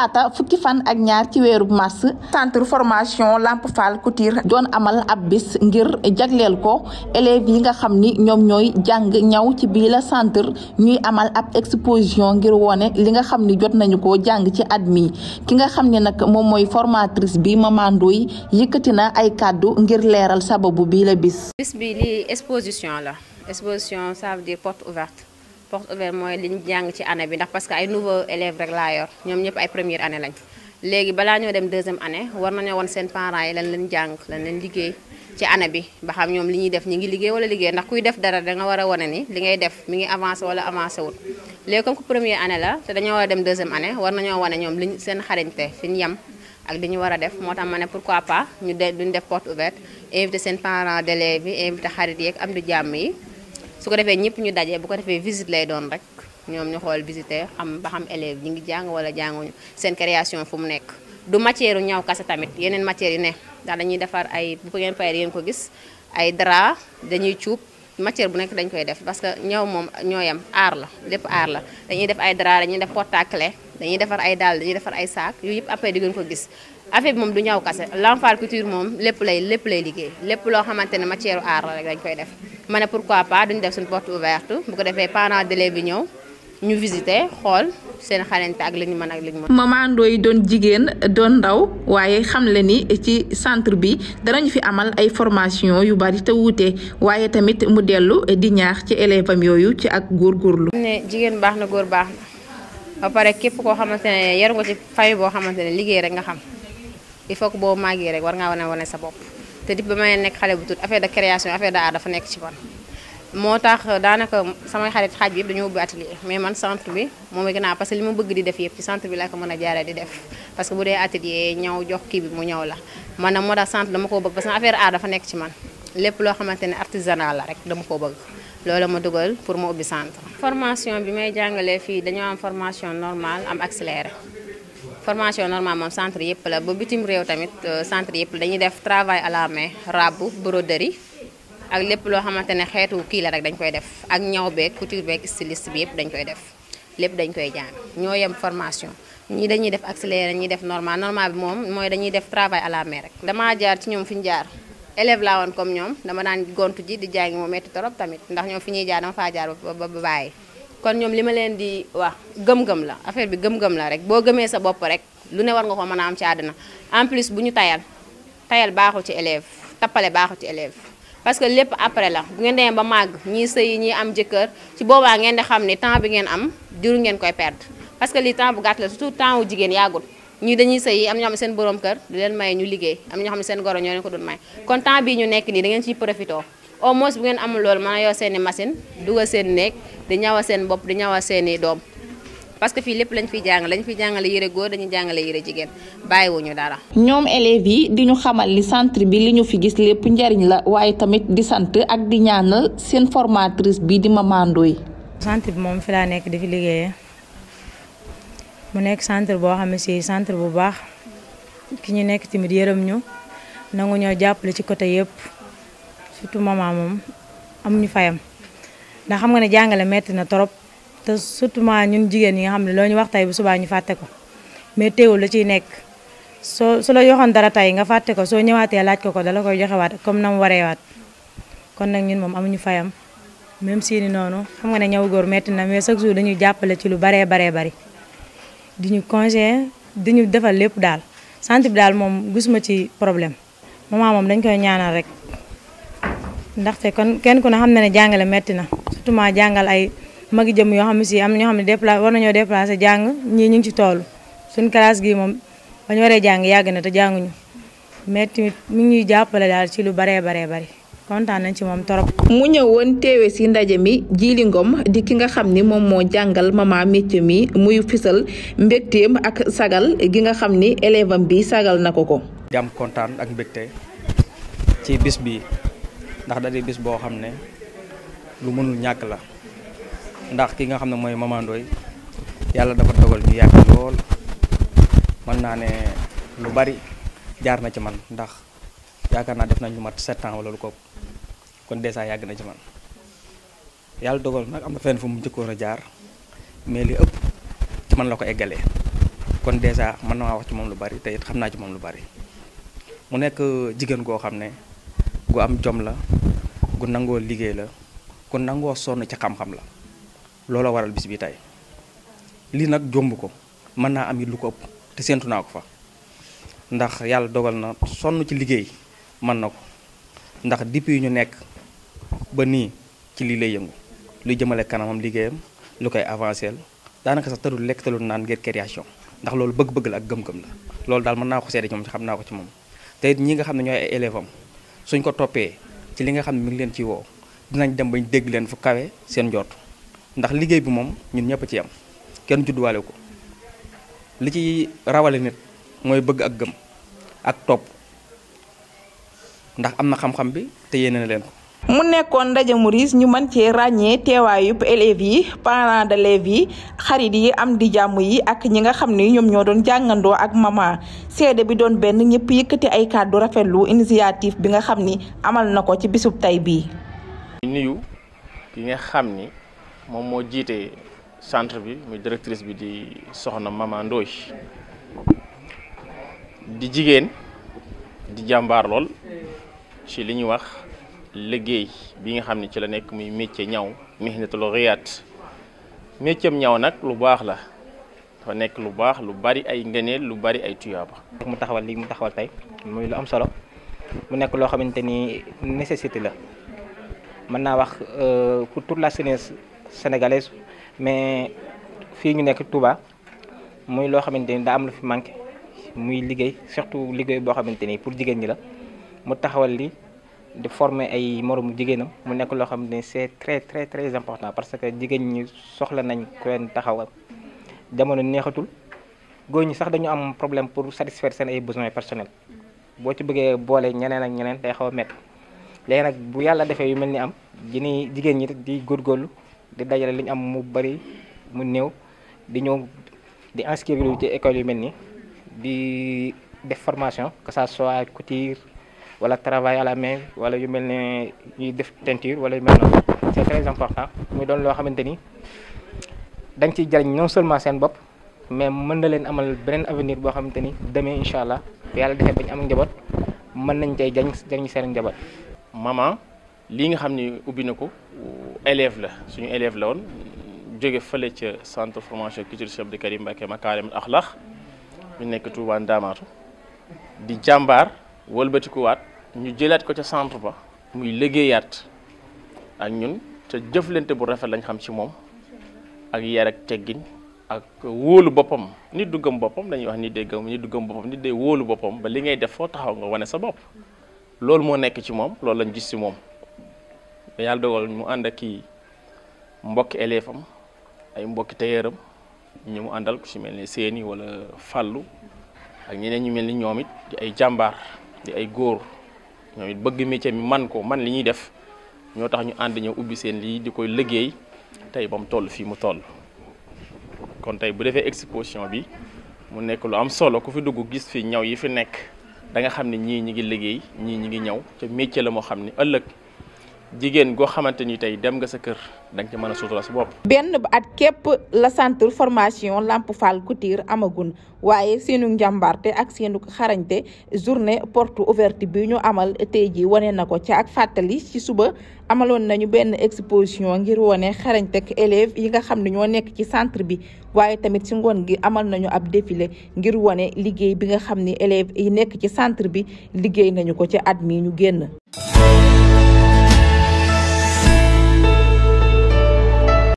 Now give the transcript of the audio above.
talaata fukki fan ak ñaar ci weeru mars centre formation Lamp Fall Couture doon amal ab bis ngir jagleel ko élèves yi nga xam ni ñoom ñooy jàng ñaw ci bii la centre ñuy amal ab exposition ngir wone li nga xam ni jot nañu ko jàng ci at mi ki nga xam ne nag moom mooy formatrice bi Maman Ndoye yëkkati na ay kaddu ngir leeral sababu biila la bis bis bi li exposition la exposition ça dire porte ouverte porte ouverte mooy li ñu jàng ci année bi ndax parce que ay nouveaux élèves rek laa yor ñoom ñëpp ay première année lañ léegi balaa ñoo dem deuxième année war nañoo wan seen parents yi lan leen jàng lan leen liggéey ci année bi ba xam ñoom li ñuy def ñi ngi liggéey wala liggéey ndax kuy def dara da nga war a wane ni li ngay def mi ngi avancé wala avancé wul léegi comme que première année la te dañoo war dem deuxième année war nañoo wane ñoom liñ seen xarañte fi ñu yem ak li ñu war a def moo tax ma ne pourquoi pas ñu de duñ def porte ouverte invité seen parents d'élèves invité xarit yeeg am du jàmm yi su ko defee ñëpp ñu dajee bu ko defee visite lay doon rek ñoom ñu xool visiter xam ba xam élève ñi ngi jàng wala jànguñu seen création fu mu nekk du matière u ñaw kase tamit yeneen matières yu ne ndax dañuy defar ay bu ngeen fayee ngeen ko gis ay dra dañuy cuub matière bu nekk dañ koy def parce que ñaw moom ñoo yam aar la lépp aar la dañuy def ay drap dañuy def porte-clés dañuy defar ay dàll dañuy defar ay saak yooyu yëpp après di ngeen ko gis affaire bi moom du ñaw kase Lamfal Couture moom lépp lay lépp lay liggéey lépp loo xamante ne matière aar la rek dañ koy def ma ne pourquoi pas duñ def suñ porte ouverte bu ko defee pendant délai bi ñëw ñu visiter xool seen xalante ak li ñu mën ak li ñu mën. Mama Ndoye doon jigéen doon ndaw waaye xam le ni ci centre bi danañu fi amal ay formation yu bari te wuute waaye tamit mu dellu di ñaax ci élève am yooyu ci ak góorgóorlu. ne jigéen baax na góor baax na pare képp koo xamante ne yar nga ci boo xamante ne liggéey rek nga xam. il faut que boo màggee rek war ngaa wane wane sa bopp te di ba may nekk xale bu tuuti affaire de création affaire de art dafa nekk ci man moo tax daanaka samay xarit xaaj bi yëpp dañoo ubbi atelier mais man centre bi moom gën a parce que li ma bëgg di def yëpp ci centre bi ko mën a jaaree di def parce que bu dee atelier ñaw jox kii bi mu ñaw la man nag moo tax centre dama koo bëgg parce affaire art dafa nekk ci man lépp loo xamante ne artisanal la rek dama koo bëgg loolu ma dugal pour ma ubbi centre formation bi may jàngalee fii dañoo am formation normale am accéléré formation normale moom centre yëpp la ba bitim réew tamit euh, centre yëpp dañuy def travail à la main rabu broderie ak lépp loo xamante ne xeetu kii la rek dañ koy def ak ñaw beeg couture beeg styliste bi yëpp dañ koy def lépp dañ koy jàng ñoo yem formation ñii dañuy def accéléré ñuy def normal normal bi moom mooy dañuy def travail à la main rek damaa jaar ci ñoom fi ñu jaar élève laa woon comme ñoom dama daan gontu ji di jàngi moo metti torop tamit ndax ñoom ba kon ñoom li ma leen di wax gëm-gëm la affaire bi gëm-gëm la rek boo gëmee sa bopp rek lu ne war nga ko mën a am ci àddina en plus bu ñu tayal tayal baaxul ci élève tappale baaxul ci élève parce que lépp après la bu ngeen demee ba màgg ñii sëyi ñii am jëkkër ci boobaa ngeen di xam ne temps bi ngeen am juru ngeen koy perdre parce que lii temps bu gàtt la surtout temps wu ñoo xam ne seen borom kër du leen may ñu liggéey am ñoo xam ne seen goro ñoo leen ko doon may kon temps bii ñu nekk nii da ngeen ciy profitoo au moins bu ngeen amul loolu mën a yor seen i machine dugal seen néeg di ñawal seen bopp di ñawal seen i doom parce que fii lépp lañ fiy jàngale lañu fiy jàngale yére góor dañuy jàngale yére jigéen bàyyiwuñu dara. ñoom élèves yi di ñu xamal li centre bi li ñu fi gis lépp njariñ la waaye tamit di sant ak di ñaanal seen formatrice bi di Mama Ndoye. centre bi moom fi laa nekk di fi liggéeyee mu nekk centre boo xam ne si centre bu baax ki ñu nekk tamit yërëm ñu nangu ñoo jàppale ci côté yëpp. surtout maman moom ñu fayam ndax xam nga ne jàngale metti na trop te surtout ma ñun jigéen ñi nga xam ne loo ñu wax tey bu subaa ñu fàtte ko mais teewul la ciy nekk soo su la joxoon dara tey nga fàtte ko soo ñëwaatee laaj ko ko dala koy joxewaat comme na mu wareewaat kon nag ñun moom amuñu fayam même si ni noonu xam nga ne ñaw gor metti na mais chaque jour dañuy jàppale ci lu baree baree bari di ñu conseiller di ñu defal lépp daal sant bi daal moom gisuma ci problème maman moom dañ koy ñaanal rek ndaxte kon kenn ku ne xam na ne jàngale metti na surtout jàngal ay magi jëm yoo xam ne si am ñoo xam ne déplacé war nañoo déplacé jàng ñii ñu ngi ci toolu suñ classe gi moom ba ñu waree jàng yàgg na te jànguñu mais mu mi ñuy jàppale daal ci lu baree baree bari kontaan nañ ci moom torop mu ñëwoon teewe si ndaje mi Djily Ngom di ki nga xam ni moom moo jàngal ma mama métier mi muy fisal mbégteem ak sagal gi nga xam ni élève am bi sagal na ko ko. di kontaan ak mbégte bi. ndax da di bis boo xam ne lu mënul ñàkk la ndax ki nga xam ne mooy Mama yàlla dafa dogal ñu yàgg lool mën naa ne lu bari jaar na ci man ndax yaakaar naa def nañ lu mat sept ans wala lu ko kon dèjà yàgg na ci man yàlla dogal nag am na fenn fu mu njëkkoon a jaar mais li ëpp ci man la ko eggale kon dèjà mën na maa wax ci moom lu bari te it xam naa ci moom lu bari mu nekk jigéen goo xam ne gu am jom la gu nangoo liggéey la ku nangoo sonn ci xam-xam la loola waral bis bi tey lii nag jomb ko mën naa am it lu ko ëpp te séntu naa ko fa ndax yàlla dogal na sonn ci liggéey mën na ko ndax yi ñu nekk ba nii ci lii lay yëngu luy jëmale kanamam liggéeyam lu koy avancé daanaka sax tërul lekk tërul naan ngir création ndax loolu bëgg-bëgg la ak gëm-gëm la loolu daal mën naa ko seede ci moom xam naa ko ci moom te it nga xam ne ñooy ay élève suñ ci li nga xam ne mi ngi leen ci woo dinañ dem bañ dégg leen fu kawe seen njort ndax liggéey bi moom ñun ñëpp ci am kenn judduwaale ko li ci rawale nit mooy bëgg ak gëm ak topp ndax am na xam-xam bi te yéene na leen ko mu nekkoon ndaje muris ñu mën cee ràññee teewaayub élèves yi parents yi xarit yi am di jàmm yi ak ñi nga xam ni ñoom ñoo doon jàngandoo ak mama seede bi doon benn ñëpp yëkkati ay kàddu rafetlu initiative bi nga xam ni amal na ko ci bisub tey bii. nuyu xam ni moom moo jiite centre bi muy directrice bi di soxna mama Ndoye di jigéen di jàmbaar lool ci li wax. liggéey bi nga xam ne ci la nekk muy métier ñaw mihnatul riyaat métier ñaw nag lu baax la dafa nekk lu baax lu bari ay ngëneel lu bari ay tuyaaba. mu taxawal lii mu taxawal tey muy lu am solo mu nekk loo xamante ni nécessité la mën naa wax euh, pour toute la jeunesse sénégalaise mais fii ñu nekk Touba muy loo xamante ni daa am lu fi manqué muy liggéey surtout liggéey boo xamante ni pour jigéen ñi la mu taxawal li di former ay moroomu jigéenam mu nekk loo xam ne c'est très très très important parce que jigéen ñi soxla nañ ku leen taxawal jamono neexatul góor ñi sax dañu am problème pour satisfaire seen ay besoins personnels boo ci bëggee boole ñeneen ak ñeneen day xaw a métti léegi nag bu yàlla defee yu mel ni am ji jigéen ñi di góorgóorlu di dajale li ñu am mu bari mu néew di ñëw di inscrire ci école yu mel nii di def formation que ça soit couture wala travail à la main wala yu mel ne ñuy def teinture wala yu mel noonu c'est très important muy doon loo xamante ni dañ ciy jariñ non seulement seen bopp mais mën na leen amal beneen avenir boo xamante ni demee incha allah yàlla defee bañ am njaboot mën nañ cay jariñ jariñ seen njaboot. maman lii nga xam ni ubbi na ko élève la suñu élève la woon jóge fële ca centre formation culture Cheikh Abdou Karim Mbacké Makaarimul Axlaaq ñu nekk Touba Ndamaatu di jàmbaar ñu jëlaat ko ca centre ba muy liggéeyaat ak ñun te jëflante bu rafet lañ xam ci moom ak yar ak teggin ak wóolu boppam nit du gëm boppam dañuy wax nit day gëm nit du gëm boppam nit de wóolu boppam ba li ngay def foo taxaw nga wane sa bopp loolu moo nekk ci moom loolu lañ gis ci moom yàlla dogal mu ànd ak ki mbokki élève ay mbokki tailleuram ñu mu àndal ku ci mel ni seeni wala fàllu ak ñeneen ñu mel ni ñoom it di ay jàmbaar di ay góor ñoom it bëgg métier mi man ko man li ñuy def ñoo tax ñu ànd ñëw ubbi seen lii di koy liggéey tey ba mu toll fii mu toll kon tey bu defee exposition bi mu nekk lu am solo ku fi dugg gis fi ñaw yi fi nekk da nga xam ne ñii ñi ngi liggéey ñii ñi ngi ñëw te métier la moo xam ne ëllëg jigéen goo xamante ni tey dem nga sa kër da nga ci mën a sutura sa bopp. benn ba at képp la centre formation Lamp Fall Couture amagun waaye seenu njàmbaarte ak seenu xarañte journée porte ouverte bi ñu amal tey jii wane na ko ca ak fàttali ci suba amaloon nañu benn exposition ngir wone xarañte ak élèves yi nga xam ne ñoo nekk ci centre bi waaye tamit ci ngoon gi amal nañu ab défilé ngir wone liggéey bi nga xam ni élèves yi nekk ci centre bi liggéey nañu ko ci at mi ñu génn.